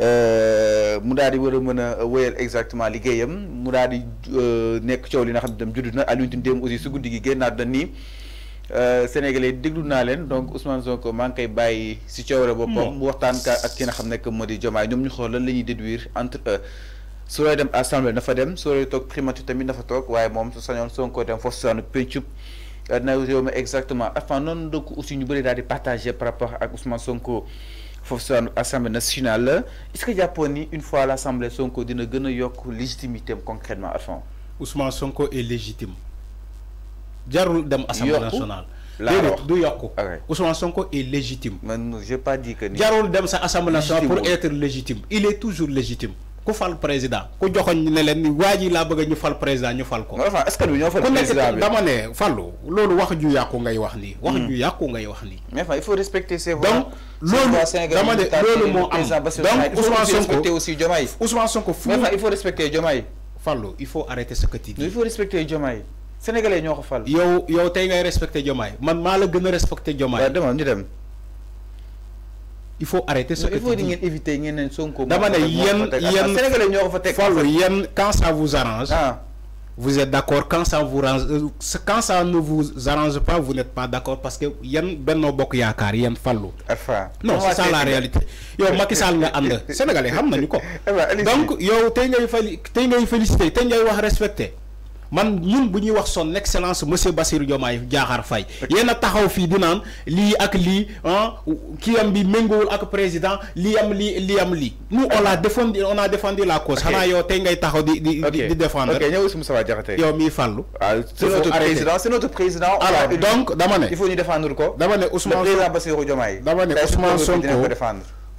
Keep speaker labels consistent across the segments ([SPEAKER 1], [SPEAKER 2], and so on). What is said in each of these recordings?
[SPEAKER 1] Euh, mu daal di war a exactement ligéyam mu daal di euh, nekk coow li nga xam dem tam judd na Alioune aussi su guddi gi génnaat ni euh Sénégalais déglu naa donc Ousmane Sonko maa kay koy ci si coow bopom hmm. mu waxtaan ka ak ki nga xam nek modi jomay di ñu xol lan la déduire entre eux soray dem assemblée na fa dem soray tok primature tamit na fa toog waaye moom su sañoon Sonko dem fo saanu pencub euh, na réew exactement afin non donc aussi ñu bëri daal di par rapport ak Ousmane Sonko foofu assemblée nationale est-ce que japonais une fois à l'assemblée Sonko dina gën yok légitimité concrètement à
[SPEAKER 2] Ousmane Sonko est légitime jarul dem. assemblée nationale du ah Ousmane Sonko est légitime. je n'ai pas dit que. jarul dem sa assemblée nationale pour être légitime il est toujours légitime. ku fal président ku joxoñ ne leen ni waa ji laa bëgg a ñu fal président ñu fal ko. est ce que ñoo fal président bi dama ne fallu loolu wax ju yàqu ngay wax nii. Hmm. mais fa il faut respecter ses voix. donc loolu dama ne loolu moo am donc Ousmane Sonko aussi Diomaye. Ousmane Sonko fu mais fa il faut arrêter ce que tu il faut respecter Diomaye. sénégalais ñoo ko fal. yow yow tey ngay respecter Diomaye man maa la gën a respecter Diomaye. waaw demoon ñu il faut arrêter ce que tu dis. éviter
[SPEAKER 1] ngeen ne Sonko. dama ne yéen yéen
[SPEAKER 2] quand ça vous arrange. Ah. vous êtes d'accord quand ça vous arrange euh, quand ça ne vous arrange pas vous n'êtes pas d'accord parce que yéen Benno Bokk a fallu fallo non c'est ça la réalité. yo Macky Sall nga ànd Sénégalais xam ko. donc yo tey une félicité tey une respecter man ñun bu ñuy wax son excellence monsieur Bassirou Diomaye Diakhar fay yéen a taxaw fi di naan li ak lii hein, kii am bi méngoowul ak président li am li li am li nous on a défendu on a défendu la cause xana yo tey ngay taxaw di di di défendre ñëw si
[SPEAKER 1] Moustapha Diakhaté yow mi fallu ah,
[SPEAKER 2] c'est notre président c'est notre
[SPEAKER 1] président alors donc dama ne il faut
[SPEAKER 2] ñu défendre ko dama ne Ousmane président Bassirou Diomaye dama ne Ousmane Sonko ko défendre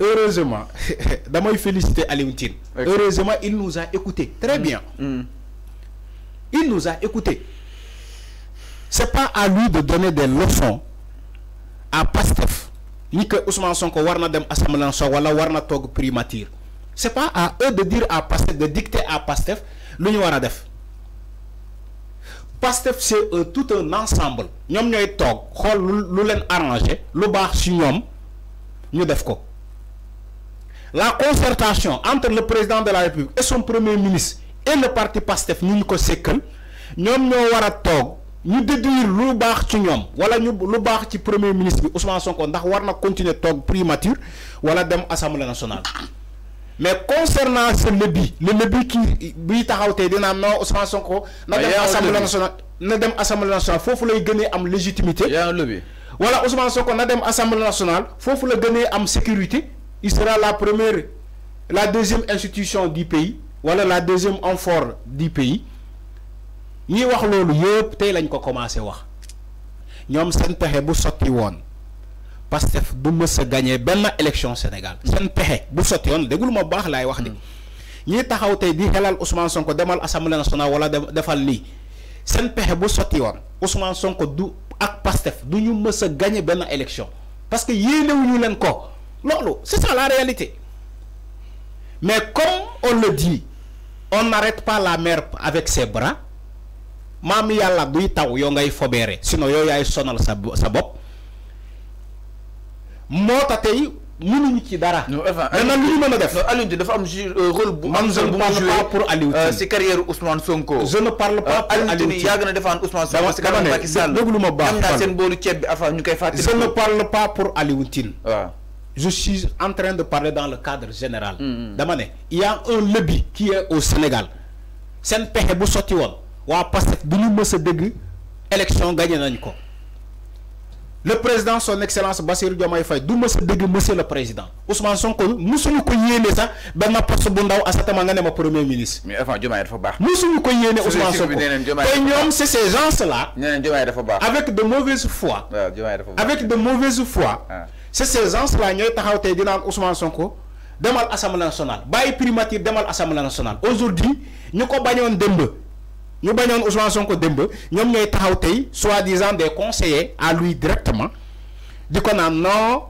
[SPEAKER 2] heureusement damay félicité, Alioune Tine heureusement il nous a écouté très mm. bien mm. il nous a écouté c'est pas à lui de donner des leçons à Pastef ni que Ousmane Sonko Warna dem assemblée wala war na c'est pas à eux de dire à Pastef de dicter à Pastef lu ñu def Pastef c'est tout un ensemble Ñom ñoy toog xol lu leen arrangé lu baax ci ñom ñu def ko la concertation entre le président de la république et son premier ministre et le parti PASTEF ñu ñu ko sekkal ñoom ñoo war déduire lu baax ci nous wala ñu lu baax premier ministre bi Ousmane Sonko ndax war na continuer toog primature voilà dem assemblée nationale. mais concernant ce lobby le lobby qui biy taxaw tey dina am Ousmane Sonko. na ah, dem assemblée nationale na dem assemblée nationale foofu lay gënee am légitimité. lobby wala Ousmane Sonko na dem assemblée nationale foofu la gagner am sécurité il sera la première, la deuxième institution du pays, voilà la deuxième amphore du pays. Ni wax lolu yépp tay lañ ko commencé wax Ñom sen bu Pastef du mës gagner gagné élection Sénégal Sen pexé bu soti won ma laay wax de ñi taxaw tay Ousmane Sonko demal assemblée nationale wala bu Ousmane Sonko du ak Pastef du ñu gagner a élection parce que wuñu ko. Non, non, c'est ça la réalité mais comme on le dit on n'arrête pas la mer avec ses bras maam yalla buy taw yo ngay fobéré sinon yo yay sonal sa sa bop moo tax tey mënuñu ci dara. non maintenant lu ñu mën a def. Alioune dafa am euh, rôle bu. am rôle bu mu joué pour Alioune c'est euh, carrière
[SPEAKER 1] Ousmane Sonko. je ne parle pas pour Alioune Alioune yàgg na défendre Ousmane Sonko. si kanam Macky Sall déglu am naa seen boolu ceeb bi affaire ñu koy je ne
[SPEAKER 2] parle pas pour Alioune Tine je suis en train de parler dans le cadre général. Mm-hmm. dama il y a un lobby qui est au Sénégal c'est un bu sotti woon waa Pastef bu ñu mës élection gagné nañ le président son excellence Bassirou Diomaye Faye du mës a monsieur le président Ousmane Sonko mësuñu ko ça ben n'a poste bu ndaw asatama nga ne ma premier ministre. mais enfin Diomaye dafa Nous mësuñu ko yéene Ousmane Sonko Et ñoom c'est ces gens là. avec de mauvaises fois avec de mauvaises fois ah ces gens-là ñooy taxaw tey di naan Ousmane Sonko demal assemblée nationale bail primature demal assemblée nationale aujourd'hui nous ko bañoon nous ñu bañoon Ousmane Sonko démb Nous ñooy taxaw soi-disant des conseillers à lui directement Du coup, non, non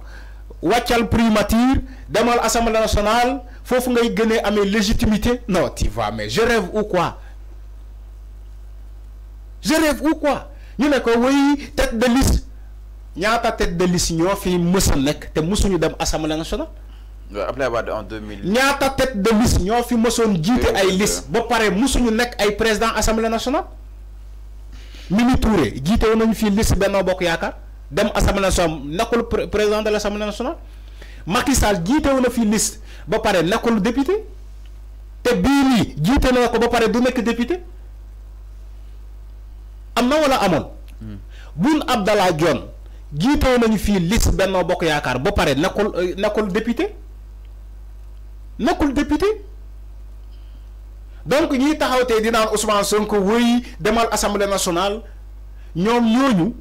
[SPEAKER 2] wàccal primature demal assemblée nationale foofu ngay à mes légitimité non tu vois mais je rêve ou quoi je rêve ou quoi ñu ne ko oui tête de liste ñaata tête de liste ñoo fi mës a té te mësuñu dem assemblée nationale.
[SPEAKER 1] après avoir en 2000.
[SPEAKER 2] ñaata tête de liste ñoo fi mësoon jité ay liste ba pare mësuñu nek ay président assemblée nationale. Mimi Touré on woon fi liste Benno Bokk Yaakaar dem assemblée nationale nakul président de l'assemblée nationale. Macky Sall jiite woon na liste ba paré nakul député té bi ni jité na ko ba paré du nek député am wala amoon. Hmm. Boun Abdallah Dionne jiitoo nañu fille, liste euh, député député donc Ousmane Sonko assemblée nationale nous ñooñu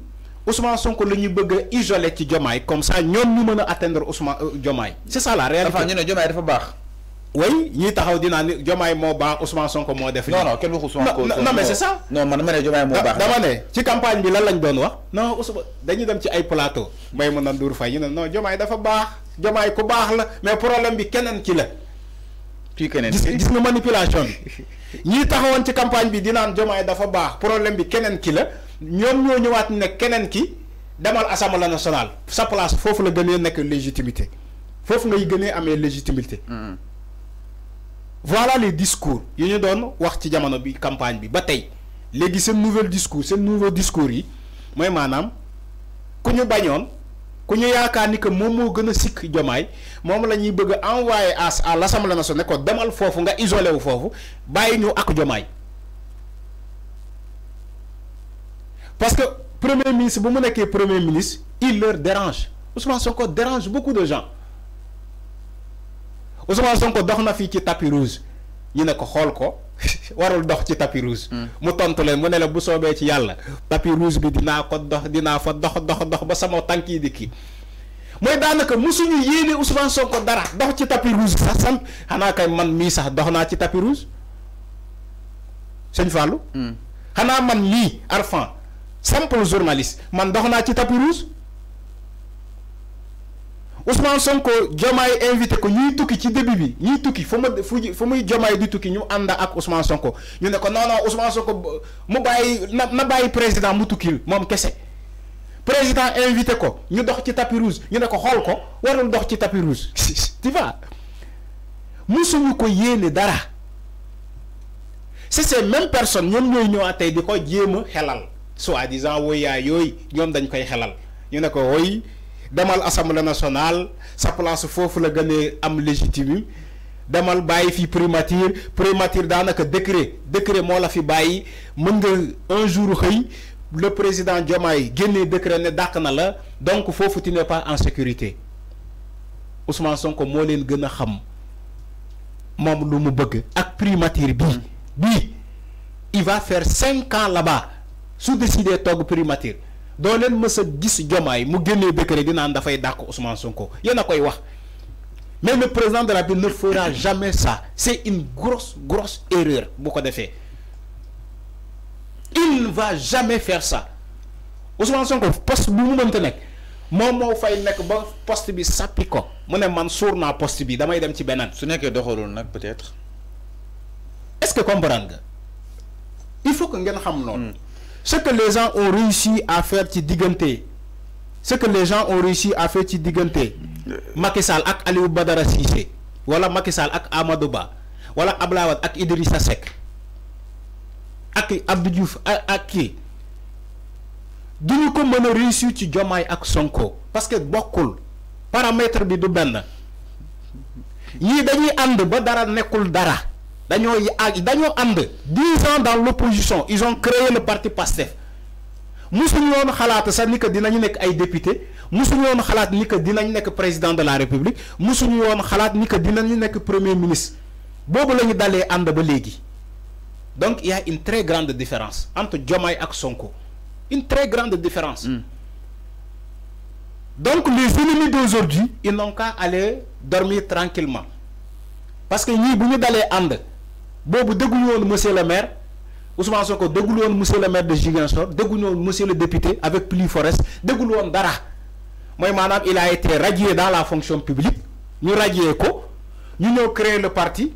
[SPEAKER 2] Ousmane Sonko la isolé qui comme ça nous ñu atteindre Ousmane euh, c'est ça la réalité oui ñii taxaw dina ni Diomaye moo Ousmane Sonko mo def. non non kenn Ousmane Sonko. non mais c'est ça. non man je ne dama ne ci campagne bi lan lañ doon wax. non Ousmane dañuy dem ci ay plateau. may avons Ndour ñu non jomay dafa bax, jomay ku bax la mais problème bi kenen ki la. Ki kenen gis nga manipulation bi campagne bi dina jomay dafa bax, problème bi kenen ki la Ñom ñoo ñëwaat ne kenen ki demal assemblée nationale. sa place la nek légitimité Fofu ngay gëné légitimité. Mm-hmm voilà les discours il nous doon wax ci jamono campagne bi ba tey léegi nouvel discours ce nouveau discours yi mooy maanaam ku ñu bañoon ku ñu que momo moo gën a sikk la ñuy bëgg a envoyé à l'assemblée nationale ko demal foofu nga isolé wu foofu bàyyi ñu ak jomaay parce que premier ministre bu mu premier ministre il leur dérange Ousmane Sonko dérange beaucoup de gens. Ousmane Sonko dox na fii ci tapis rouge ñu ne ko xool ko warul dox ci tapis rouge. Hmm. mu tontu leen mu ne la bu soobee ci yàlla. tapis rouge bi dinaa ko dox dinaa fa dox dox dox ba sama tànk yi di kii mooy daanaka suñu yéene Ousmane ko dara dox ci tapis rouge sax sant xanaa kay man mii sax dox naa ci tapis rouge sëñ Fallou. Hmm. xanaa man mii Arfan simple journaliste man dox naa ci tapis rouge. Ousmane ko Diomaye invité ko ñuy tukki ci début bi ñuy tukki fu ma fu muy Diomaye di tukki ñu ànd ak Ousmane ko ñu ne ko non non ko Sonko mu bàyyi na na bàyyi président mu tukkil moom kese président invité ko ñu dox ci tapis rouge ñu ne ko xool ko warul dox ci tapis rouge tu vois ko yéene dara c'est ces mêmes personnes ñoom ñooy ñëwaat tey di ko jéem a xelal soi-disant woyaay yooyu ñoom dañ koy xelal ñu ne ko woy demal assemblée nationale sa place foofu la gën am légitime demal baye fi primature primature danaka décret décret mo la fi baye, mën nga un jour xey le président Diomaye génnee décret ne dàq na la donc fofu tu n'es pas en sécurité Ousmane Sonko mo leen gëna xam mom lu mu bëgg ak primature bi, hmm. bi il va faire cinq ans là-bas sous décidé tog primature ce 10 gis jomaay mu Ousmane Sonko a mais le président de la ville ne fera jamais ça c'est une grosse grosse erreur beaucoup ko il ne va jamais faire ça Ousmane Sonko poste bu mu fay nek ba poste bi ko man poste bi damay dem ci su peut-être. est-ce que comprendre nga il faut que ngeen xam ce que les gens ont réussi à faire ci diggante ce que les gens ont réussi à faire ci diggante Macky Sall ak Aliou Badara Cissé wala Macky Sall ak Amadou Ba wala Ablawat ak Idrissa Seck ak Abdou Diouf ak ki du ñu ko mën a ci que ak Sonko parce que bokkul paramètre bi du ben yi dañuy ànd ba dara nekul dara dañoo yàgg dañoo dix ans dans l'opposition ils ont créé le parti PASTEF nous woon xalaat ni dinañu ay député musuñu woon que président de la république nous woon dinañu que premier ministre boobu la ñu dalee ba donc il y a une très grande différence entre Diomaye ak Sonko une très grande différence mm. donc les ennemis d'aujourd'hui ils n'ont qu'à aller dormir tranquillement parce que nous sommes dans les andes bon dégguñu won monsieur le maire Ousmane Sonko déggul won monsieur le maire de Gigansor, déggul won monsieur le député avec plus Forest déggul won dara moy manam il a été radié dans la fonction publique ñu radié ko ñu ñëw créer le parti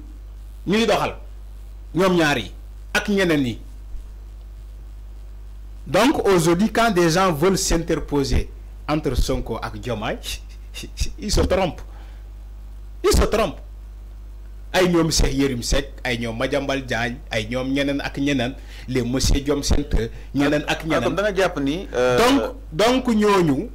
[SPEAKER 2] ñi doxal ñom ñaar yi ak ñeneen ni donc aujourd'hui quand des gens veulent s'interposer entre Sonko ak Diomaye ils se trompent ils se trompent ay ñom Cheikh yerim sek ay ñom madjambal Diagne ay ñom ñenen ak ñenen les monsieur Diom sente ñenen ak ñeneen ah, da nga jàpp ni. Euh, donc donc ñooñu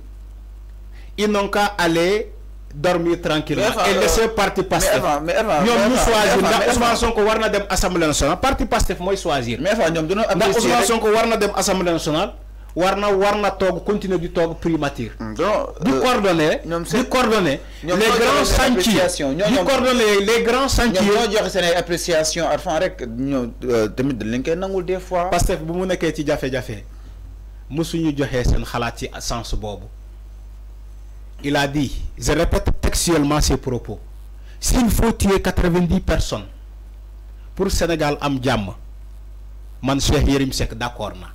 [SPEAKER 2] ils n'ont qu'à aller dormir tranquillement et laisser euh, parti Pastef ñom ñu choisir ndax Ousmane Sonko warna dem assemblée nationale parti Pastef moy choisir. mais ñoom dina am ndax Ousmane Sonko war dem assemblée nationale warna warna war continuer du toog primature. Mm, du euh, coordonner. du coordonner. les grands sentiers du coordonner les grands sentiers ñoom ñoo joxe seen ay
[SPEAKER 1] appréciation Arfan rek ñoom euh, tamit dañ leen koy nangul des fois. parce que bu mu nekké ci jafé jafe
[SPEAKER 2] mësuñu joxé sen xalaat ci sens bobu il a dit je répète textuellement ses propos s'il faut tuer 90 personnes pour Sénégal am jàmm man Cheikh Yérim Seck d'accord na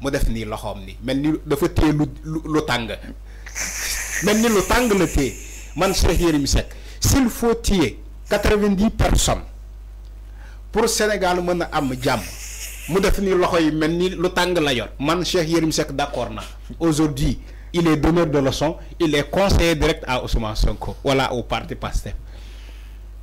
[SPEAKER 2] mu def nii loxoom ni mel ni dafa téye lu lu tàng mel ni lu tàng la téye man Cheikh Yérim s'il faut téye quatre personnes pour Sénégal mën a am jàmm mu def ni loxo yi mel ni lu tàng la yor man Cheikh d'accord na aujourd'hui il est donneur de leçon il est conseiller direct à Ousmane Sonko voilà au parti Pastef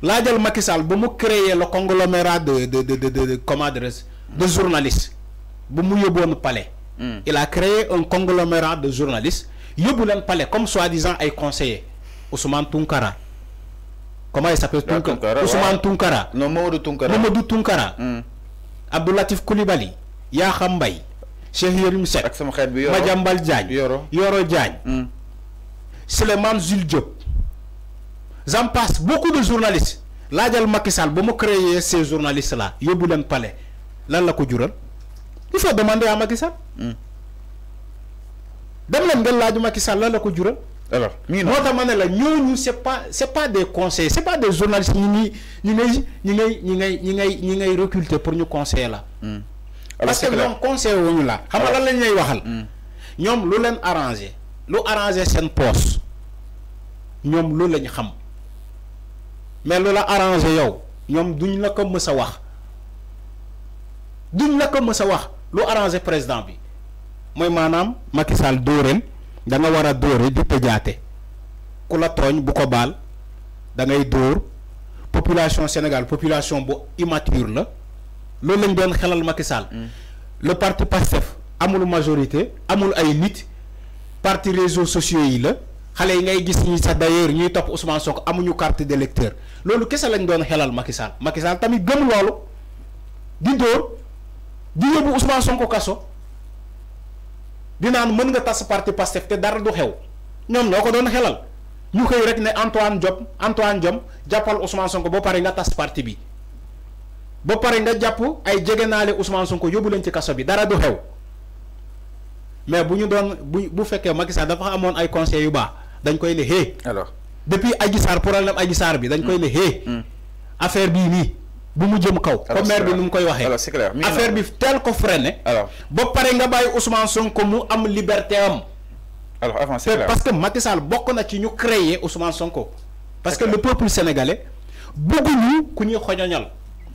[SPEAKER 2] L'Adel Macky Sall Il mu créer le conglomérat de de de de de de journalistes palais. Hmm. il a créé un conglomérat de journalistes palais comme soi-disant ay conseillers Ousmane tunkara comment il s'appelle tunkara Ousmane Tunkara. non Tunkara. Tounkara Tunkara. Tounkara. Hmm. Abdoulatif latif koulibaly Mbaye. Cheikh Yérim Yoro Madiambal hmm j'en passe beaucoup de journalistes la Macky Sall ba mu créer ces journalistes là yóbbu pas palais lan la ko il faut demander à Makissal. Sall. Hmm. dem leen ngeen laaju Macky Sall lan la ko alors moo tax ma la ñooñu c'est pas c'est pas des conseils c'est pas des journalistes ñu ngi ñu ngay ñu ngay ñu ñu ngay pour nous conseiller la. Hmm. parce que nous conseil la. xam nga lan lañ lay waxal. Hmm. lu arrangé lu arranger seen poste ñoom lu lañ xam mais lola la arrangé yow ñom duñ la ko mës d'une wax duñ la ko mës wax arrangé président bi moy manam Macky Sall dóoreel da nga wara a di ku la bu ko bal da ngay population Sénégal population bu immature la lendemain lañ doon xelal mm. le parti passef amul majorité amul ay nit parti réseaux sociaux yi la xale yi ngay gis ñi sa d'ailleurs ñuy topp Ousmane Sonko amuñu carte d'électeur loolu kese lañ doon xelal Macky Sall Macky Sall tamit gëm loolu di dóor di yóbbu Ousmane Sonko kaso di naan mën nga tas parti Pastef te dara du xew ñoom ñoo ko doon xelal ñu xëy rek ne Antoine Diop Antoine jom jàppal Ousmane Sonko ba pare nga tas parti bi ba pare nga jàpp ay jegenaale Ousmane Sonko yóbbu leen ci kaso bi dara du xew mais bu ñu doon bu bu fekkee Macky Sall dafa amoon ay conseils yu baax. dañ koy ne hé. depuis Adji Sarr problème Adji Sarr bi dañ koy ne hé. Hmm. Hmm. affaire bii nii bu mu jëm kaw. comme maire bi nu mu koy waxee. alors c'est clair affaire bi teel ko freiné. alors ba pare nga bàyyi Ousmane Sonko mu am liberté am. alors parce que Macky Sall bokk na ci ñu créer Ousmane Sonko. parce que le peuple sénégalais bëgguñu ku ñuy xoñoñal.